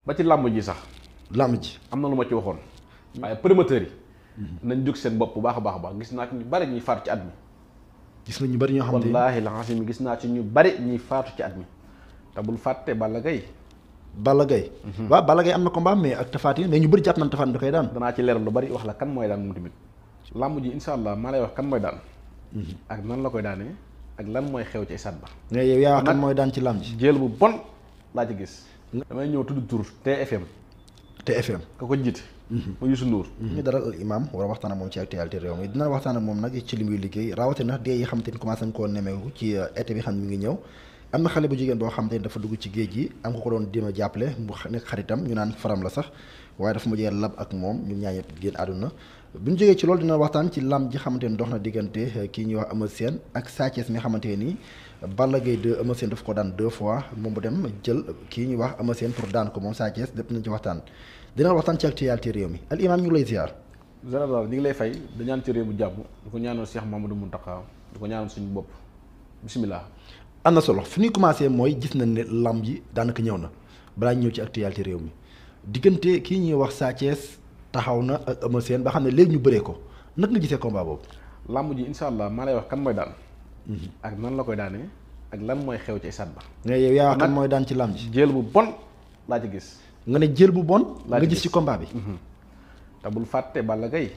ba ci làmb ji sax. làmb ji am na lu ma ci waxoon. waaye promoteurs yi. nañ jóg seen bopp bu baax baax gis naa ci ñu bari ñuy faatu ci at mi. gis na ñu bari ñoo xamante ni wallaahi la mi gis naa ci ñu bari ñuy faatu ci at mi te bul fàtte Balla Gaye. Balla Gaye. Mhm. waaw Balla am na combat mais ak Tapha Tine mais ñu bëri jàpp nañ Tapha Tine da koy daan. danaa ci leeral lu bari wax la kan mooy daan moom tamit. làmb ji incha allah ma lay wax kan mooy daan. Mhm. ak nan la koy daanee ak lan mooy xew ci stade ba. mais yow yaa wax kan mooy daan ci làmb ji. jël bu bon laa ci gis. damay ñëw tudd tur TFM. TFM ka ko jiite. Mhm. mu Youssou Ndour. Mhm. ñu dalal imam war a waxtaan ak moom ci actualité réew mi dina waxtaan ak moom nag ci li muy liggéey rawatina dee yi xam te ni commencé nañ koo nemmeeku ci ete euh, bi xam mi ngi ñëw. am na xale bu jigéen boo xam ne dafa dugg ci géej gi am ko ko doon dima jàppale mu nekk xaritam ñu naan faram la sax waaye dafa mujjee lab ak moom ñun ñaar ñëpp génn àdduna bu ñu jógee ci loolu dina waxtaan ci lam ji xamante ni dox na diggante eh, kii ñuy wax Eumeu Sène ak Sa Thiès mi nga xamante nii Balla Gaye 2 Eumeu Sène daf ko daan deux fois moom mu dem jël kii ñuy wax Eumeu Sène pour daan ko moom Sa Thiès lépp nañ waxtaan dina waxtaan ci actualité réew mi al imam ñu ngi lay ziar général ñu ngi lay fay dañaan ci réew bu jàmm du ko ñaanoon Cheikh Mamadou Mountakha du ko ñaanoon suñu bopp bismillah am na solo fi ñuy commencé mooy gis nañ ne lamb yi daanaka ñëw na balaa ñëw ci actualité réew mi diggante kii ñuy wax Sa Thiès taxaw na ak Eumeu Sène ba xam ne léegi ñu bëree ko naka nga gisee combat boobu. lamb ji incha allah maa lay wax kan mooy daan. Mhm. ak nan la koy daanee ak lan mooy xew ci stade ba. nga yow yaa wax mooy daan ci lamb ji. jël bu bon laa ci gis. nga ne jël bu bon. laa gis nga gis ci combat bi. Mhm. te bul fàtte Balla kay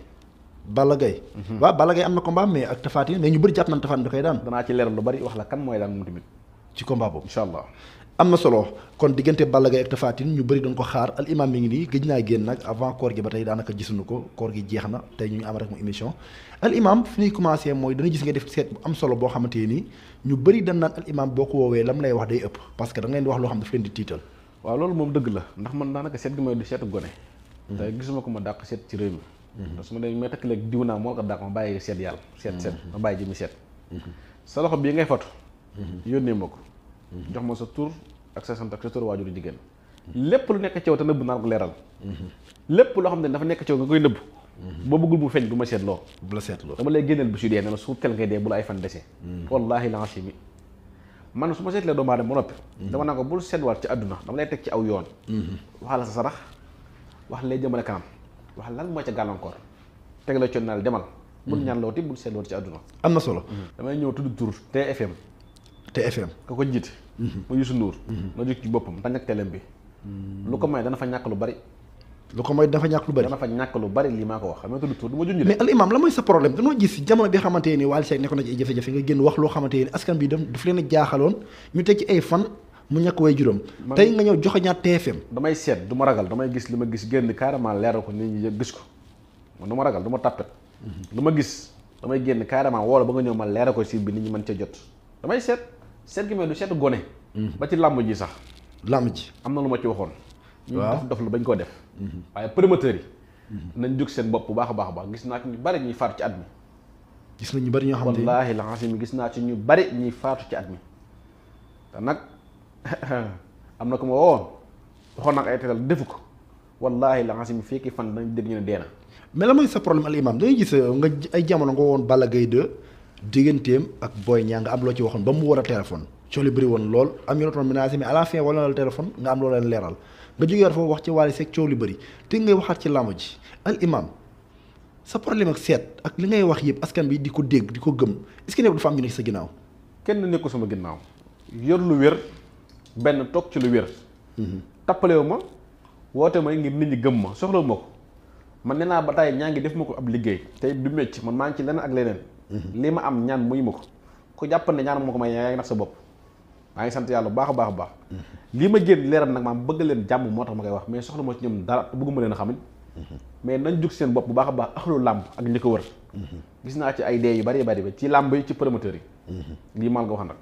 Balla Gaye mhm. waaw Balla Gaye am na combat mais ak Tapha Tine mais ñu bëri jàpp nañ Tapha Tine da koy daan danaa ci leeral lu bari wax la kan mooy daan moom tamit ci combat boobu incha allah am na solo kon diggante Balla Gaye ak Tapha ñu bëri doon ko xaar al imam mi ngi nii gëj naa génn nag avant koor gi ba tey daanaka gisuñu ko koor gi jeex na tey ñu ngi am rek mu émission al imam fi ñuy commencé mooy dana gis nga def seet bu am solo boo xamante nii ñu bëri dan naan al imam boo woowee lam lay wax day parce que da nga leen di wax loo xam daf leen di tiital ndax man daanaka seet gi mooy du seetu mm. ko ma dàq seet ci réew mi su ma demee may takk léegi diw naa moo ko dàq ma bàyyi seet yàlla seet seet ma bàyyi jëmi seet sa loxo bii ngay foto yónnee mbokk jox ma sa tur ak sa sant ak sa tur waajur jigéen lépp lu nekk ci yow te nëbb naa ko leeral lépp loo xam ne dafa nekk ci yow nga koy nëbb boo bëggul mu feeñ ma seet loo la seet loo dama lay génneel bu si dee ne la su tel ngay dee bu la ay fan dese wallaahi lancimi man su ma seetlee doomu aadama ba noppi dama naa ko bul seetwaat ci àdduna dama lay teg ci aw yoon mm-hmm. waxal sa sarax wax lay jëmale kanam wax lan moo ca gàllankoor teg la coono demal. bul hmm. ñaan looti bul seet looti ci àdduna. am na solo. Hmm. damay ñëw tudd tur fm TFM ka ko jiite. Hmm. mu Youssou Ndour. na jóg ci boppam dañ ak bi. lu ko may dana fa ñàkk lu bari. lu ko may dafa ñàkk maa ko wax xam nga tudd tur du ma junj mais al imam la mooy sa problème dañoo gis jamono bi xamante ne Wally Seck nekkoon na ci ay jafe-jafe nga génn wax loo xamante ne askan bi dem daf leen a jaaxaloon ñu teg ci ay fan mu nekk way juróom tey nga ñëw joxe ñaar TFM damay seet du ma ragal damay gis li ma gis génn carrément leeral ko nit ñi gis ko man du ma ragal du ma tàppet lu mhm. ma gis damay génn carrément woola ba nga ñëw ma leeral ko si bi nit ñi mën ca jot damay seet seet gi mais du seet gone mhm. ba ci làmb ji sax làmb ji am na lu ma ci waxoon ñu dof dof la bañ koo def mhm. waaye promoteurs yi nañ jóg seen bopp bu baax a baax baax gis naa ñu bari ñuy faatu ci at mi gis na ñu bari ñoo xam ne wallaahi laxasim gis naa ci ñu bari ñuy faatu ci at mi te am na ko ma wowoon waxoon naa ko ay tegal defu ko wallaahi la nga xam fii ki fan dañu dégg ñu ne dee na. mais la mooy sa problème al imam dañuy gis euh, nga ay jamono nga woon bala Gaye 2 digganteem ak Boy ñaa nga am loo ci waxoon ba mu war a téléphone. coono bëri woon lool am ñu la doon menacé mais à la fin wala la téléphone nga am loo leen leeral nga jógee foofu wax ci Wally Seck coow lu bëri te ngay waxaat ci làmb ji al sa problème ak seet ak li ngay wax yëpp askan bi di ko dégg di ko gëm est ce que nekk sa ginnaaw. kenn nekkul sama ginnaaw lu wér. benn toog ci lu wér. Mhm. tappalewu ma woote ma ngir nit ñi gëm ma soxlawu ma ko man nee naa ba tey ñaa ngi def ma ko ab liggéey tey du métti man maa ngi ci leneen ak leneen. Mhm. li ma am ñaan mu muy ma ko ko jàpp ne ñaan ma ko may yaa ngi nax sa bopp. maa ngi sant yàlla bu baax baax a baax. Mhm. lii ma génn leeral nag maam bëgg leen jàmm moo tax ma koy wax mais soxla ma ci ñoom dara bëgguma leen a xamit mais nañ jug seen bopp bu baax a baax axlu làmb ak ñi ko wër. gis naa ci ay dee yu bari bari ba ci làmb yi ci promoteurs yi. lii maal nga wax nag.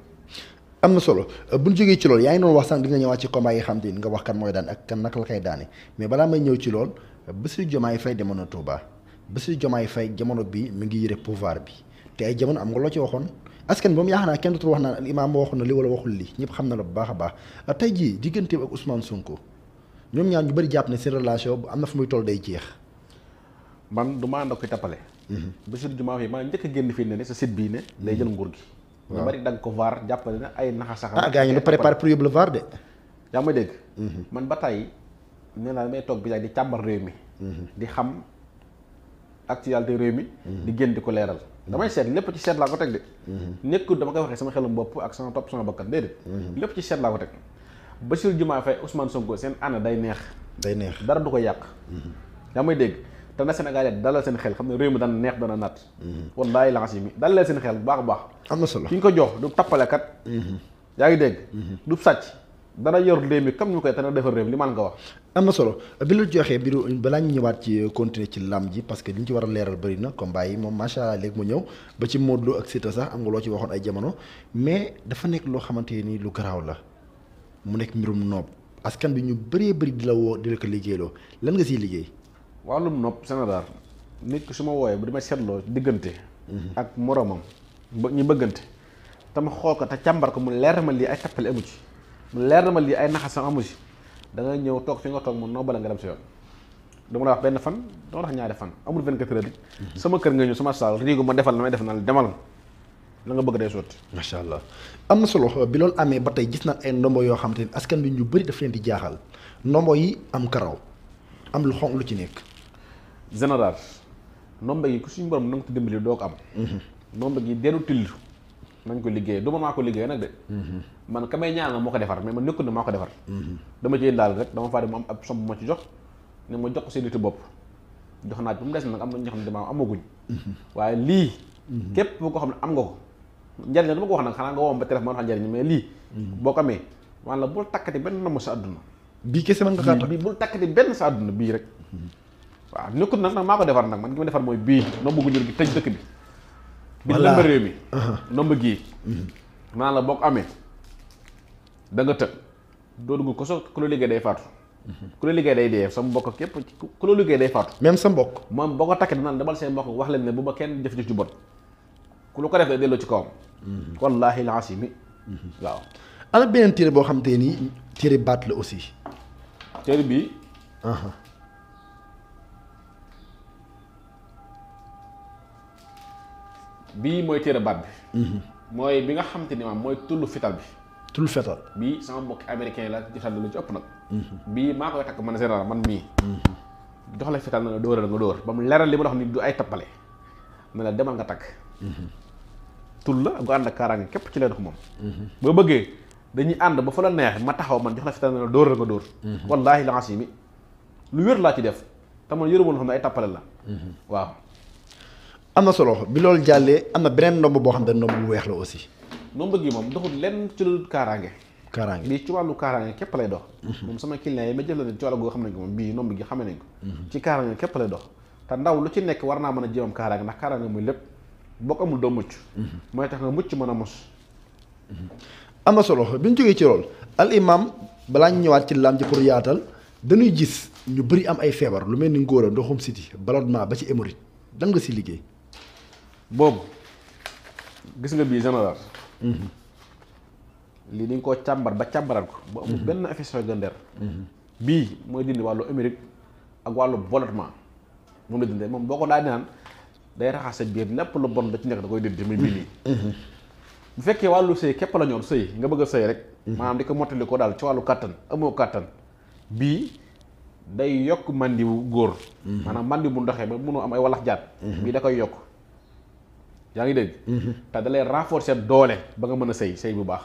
am na solo euh, bu ñu jógee ci lool yaa ngi doon wax sànq dina ñëwaat ci combat yi xam te nga wax kan mooy daan ak kan naka la koy daane mais balaa may ñëw ci lool Bassirou Diomaye Faye demoon Touba Bassirou Diomaye jamono bi mi ngi yëre pouvoir bi te jamono am nga loo ci waxoon askan bi moom yaa xam wax naan imaam waxoon na li wala waxul li ñëpp xam na la bu baax a baax euh, tey jii diggante ak Ousmane Sonko bëri jàpp ne seen relation bu am na fu muy toll day jeex. man du maa ndox ki tappale. Mhm. Bassirou Diomaye Faye maa njëkk a génn fii ne ne sa site bii ne. day jël nguur gi nga bari dagg ko vaar jàppale na ay naxa sax. ah gars yi ñu prépare pour yóbbu la vaar de. yaa ma dégg. Mhm. man ba tey nee naa damay toog bi di càmbar réew mi. Mhm. di xam actualité réew mi. Mhm. di génn di ko leeral. damay seet lépp ci seet laa ko teg de. nekkul dama koy waxee sama xelum bopp ak sama topp sama bakkan déedéet. lépp ci seet laa ko teg. Bassirou Diomaye Faye Ousmane Sonko seen ana day neex. day neex dara du ko yàq. yaa may dégg. te na Sénégalais dalal seen xel xam ne réew mi dana neex dana natt mhm. wallaahi lancé mi dalal seen xel bu baax a baax am na solo ki ñu ko jox du tappalekat mhm. yaa ngi dégg mhm. du sàcc dana yor réew mi comme ñu koy tana defar réew mi man nga wax am na solo bi la joxee mbiru balaa ñëwaat ci continuer ci lam ji parce que li ñu ci war a leeral bëri na combat mbay moom macha allah léegi mu ñëw ba ci Modou Lo ak Siteu sax am nga loo ci waxoon ay jamono mais dafa nekk loo xamante nii lu garaaw la mu nekk mbirum noob askan bi ñu bëree bëri di la woo di la ko lan nga siy liggéey wàllum nopp Sénégal nit ki su ma wooyee bu di ma loo diggante. ak moromam ba ñu bëggante. tam xool ko te càmbar ko mu leer ma lii ay tappale amu ci mu leer ma lii ay naxasam amu ci da nga ñëw toog fi nga toog mu noobale nga dem si yoon. dama la wax fan dama la wax fan amul 24 heures sama kër nga ñëw sama saal ma defal na may def na demal la nga bëgg day sotti. macha allah am na solo bi loolu amee ba tey gis na ay ndombo yoo xam te askan bi ñu bëri daf di jaaxal ndombo yi am karaw am lu xonq lu ci nekk. général nomba yi ku suñu borom na nga ko dimbali doo ko am nomba gi deenu till nañ ko liggéey du man maa ko liggéey nag de man ka may ñaan ñaanal moo ko defar mais man nekkul ne ko defar dama ci indaal rek dama faa dem am ab somb ma ci jox ma jox ko seen nitu naa ba mu des nag am na ñoo xam damaa amaguñ waaye lii képp koo xam ne am nga ko njariñ wax nag xanaa nga woo ba téléphone ma wax njariñ mais lii boo ko amee wala bul takkati benn nomb sa àdduna bii kese mën nga xaar bii bul takkati benn sa àdduna bii rek waaw nekkut nag nag maa ko defar nag man ki ma defar mooy bii nomba gunjur gi tëj dëkk bi bi nomba réew mi uh-huh. nomba gii maanaam mm-hmm. la boo ko amee danga nga tëg doo dugg ko so ku la liggéey day faatu mm-hmm. ku la liggéey day dee sa mbokk képp ku la liggéey day faatu même sa mbokk moom boo ko takkee danaan demal seen mbokk wax leen ne bu ma kenn jëf-jëf ju bon ku lu ko def day delloo ci kawam mm-hmm. wallaahi laasimi waaw ana beneen téere boo xam te nii téere baat la aussi téere bii uh-huh. bii mooy téere baat bi. Mhm. mooy bi nga xam te ni maam mooy tullu fital bi. tullu fital bii sama mbokki américain la jotal lu ci ëpp nag. Mhm. bii maa koy takk man général man mii. Mhm. jox la fital na la dóoral nga door ba mu leeral li ma la ni du ay tappale ne la demal nga takk. tul la gu ànd ak képp ci lay dox moom. boo bëggee dañuy ànd ba fa la neex ma taxaw man jox la fital na la dóoral nga dóor. wallaahi la nga lu wér laa ci def te man yërëmoon xam ne ay tappale la. waaw. am na solo bi loolu jàllee am na beneen ndomb boo xam ne ndomb bu weex la aussi. ndomb gi moom doxul lenn ci lu kaaraange. kaaraange lii ci wàllu kaaraange képp lay dox. Mhm. moom sama client ma jël ci goo xam ne moom bii ndomb gi xame nañ ko. Mhm. ci kaaraange képp lay dox. te ndaw lu ci nekk war naa mën a jéem kaaraange ndax kaaraange muy lépp boo ko amul doo mucc. Mhm. mooy tax nga mucc mën a mos. am na solo bi ñu jógee ci lool al imam balaa ñu ñëwaat ci lam ji pour yaatal dañuy gis ñu bëri am ay feebar lu mel ni ngóora ndoxum siti ballonnement ba ci hémorroïde dan nga si liggéey boobu gis nga bii général lii dañ koo càmbar ba càmbaral ko ba amul benn effet secondaire bii mooy dindi wàllu émérique ak wàllu bolotement moom la dindi moom boo ko daa naan day raxas sa biir lépp lu bon da ci nekk da koy dindi muy bii lii bu fekkee wàllu sëy képp la ñor sëy nga bëgg a sëy rek maanaam di ko mottali ko daal ci wàllu kàttan amoo kàttan bii day yokk màndiwu góor maanaam màndiw bu ndoxee ba mënoo am ay walax jaat bii da koy yokk yaa ngi dégg. Mm-hmm. te da lay renforcer doole ba nga mën a sëy sëy bu baax.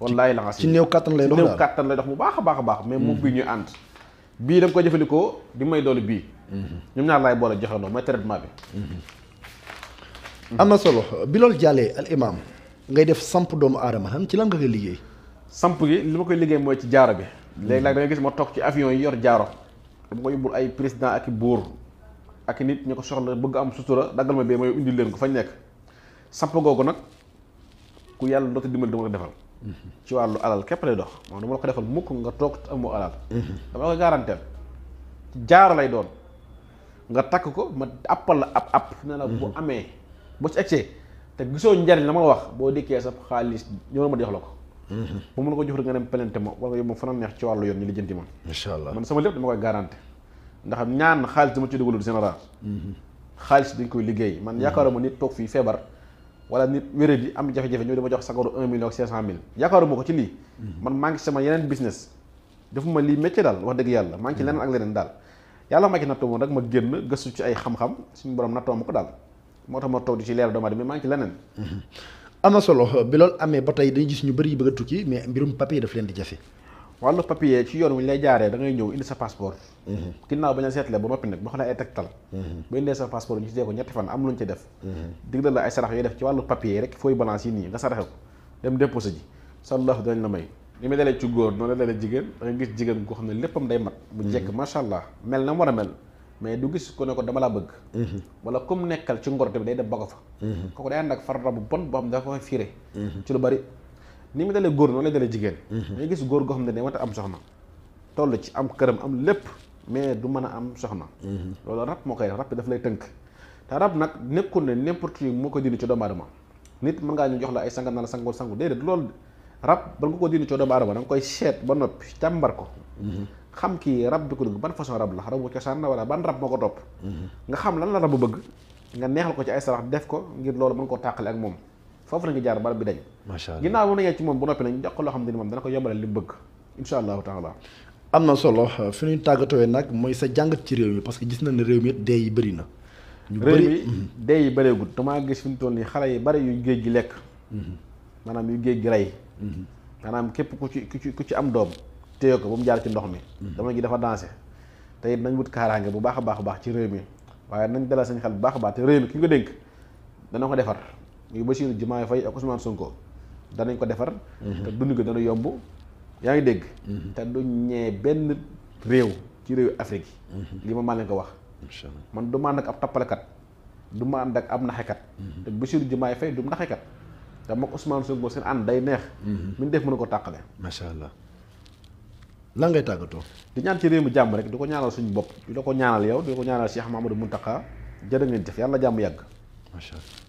wallaay la nga ci néew kattan lay dox néew kattan lay dox bu baax a baax a baax. mais moom mm-hmm. bii ñuy ànd. bii da koy jëfandikoo di may doole bii. Mm-hmm. ñoom ñaar laay boole joxe loolu mooy traitement bi. am na solo bi loolu jàllee al imam ngay def samp doomu aadama xam ci lan nga koy liggéey. samp gi li ma koy liggéey mooy ci jaaro bi. léegi nag da gis ma toog ci avion yi yor jaaro. dama ko yóbbul ay président ak buur ak nit ñu ko soxla bëgg am sutura daggal ma bee mooy indil leen ko fa nekk samp googu nag ku yàlla dootu dimbali dama ko defal ci wàllu alal képp lay dox moom dama la ko defal mukk nga toog amoo alal dama la ko garanteel lay doon nga takk ko ma appal la ab app ne la amee boo ci egsee te gisoo njariñ la ma wax boo dikkee sa xaalis ñoo ma jox la ko mhm. bu mun ko jox rek nga dem pelente ma wala yow moom fanaan neex ci wàllu yoon ñu lijjanti ma. incha allah man sama lépp dama koy garanté ndax ñaan xaalis dama ci dugalul général xaalis dañ koy liggéey man yaakaaruma nit toog fii feebar wala nit wéré di am jafe-jafe ñoo dama jox sagaru un million ak cinq cent mille yaakaaruma ko ci lii man maa ngi sama yeneen business defuma lii métier daal wax dëgg yàlla maa ngi ci leneen ak leneen daal yàlla ma ci nattoo woon rek ma génn gëstu ci ay xam-xam suñu borom nattoo ma ko daal moo tax ma toog di ci leeral doomu aadama maa ngi ci leneen am na solo bi loolu amee ba tey dañuy gis ñu a tukki daf leen di jafe wàllu papier ci yoon wu ñu lay jaaree da ngay ñëw indi sa passeport mhm. ginnaaw ba ñu seetlee ba noppi nag boo xam ne ay tegtal mhm. ba indee sa passeport ñu ci dee ko ñetti fan am luñ ci def mhm. digal la ay sarax yooyu def ci wàllu papier rek fooy balance yi nii nga saraxe ko dem déposé ji sallahu dañ la may li muy dalee ci góor noonu la dalee jigéen da gis jigéen koo xam ne léppam day mat bu jekk macha allah mel na war a mel mais du gis ku ne ko dama laa bëgg wala comme nekkal ngor tamit day dem ba ko fa kooku day ànd ak farata bu ni mu dalee góor noonu lay dalee jigéen dañuy mhm. gis góor goo xam ne day wante am soxna toll ci am këram am lépp mais du mën a am soxna mhm. loolu rab moo koy rab bi daf tënk te rab nag nekkul ne n'importe qui moo ko dindi ci doomu aadama nit mën ngaa ñu jox la ay sangal na la sangul sangu déedéet loolu rab ba nga ko dindi ci doomu aadama da nga koy seet ba noppi càmbar ko mhm. xam kii rab bi ko dugg ban façon rab la rabu cosaan la wala ban rab moo ko topp nga xam lan la bu bëgg nga neexal ko ci ay sarax def ko ngir loolu mën koo tàqale ak moom foofu la ñu jaar barab bi dañ macha allah ginnaaw bu ñu ci moom bu noppi nañ jox ko loo xam ne moom dana ko yombalal li bëgg incha allahu taala am na solo fi ñuy tàggatooy nag mooy sa jàngat ci réew mi parce que gis na ne réew mi it dee yi bëri na ñu bëri réew mi mhm. dee yi bëreegut damaa gis fi mu toll nii xale yi bëri yu géej gi lekk mhm. maanaam yu géej gi rey mhm. maanaam képp ku ci ku ci ku ci am doom téye ko ba mu jaar ci ndox mi dama gi dafa dansé tey it wut kaaraange bu baax a baax a baax ci réew mi waaye nañ dalal seen xel a baax te réew ki nga dénk dana ko defar muy Bassirou Diomaye Faye ak Ousmane ko danañ ko defar. Mhm. te dund gi dana yomb yaa ngi dégg. Mhm. te du ñee benn réew ci réewu Afrique yi. Mhm. li ma maa ko wax. man du ma ànd ak ab tappalekat du ma ànd ak ab naxekat. te Bassirou Diomaye Faye du naxekat te moom Ousmane Sonko seen ànd day neex. mu def mën ko tàqale. macha allah. lan ngay tàggatoo. di ñaan ci réew mi jàmm rek di ko ñaanal suñu bopp di ko ñaanal yow di ko ñaanal Cheikh Mamadou Mountakha jërë ngeen jëf yàlla jàmm yàgg. macha allah.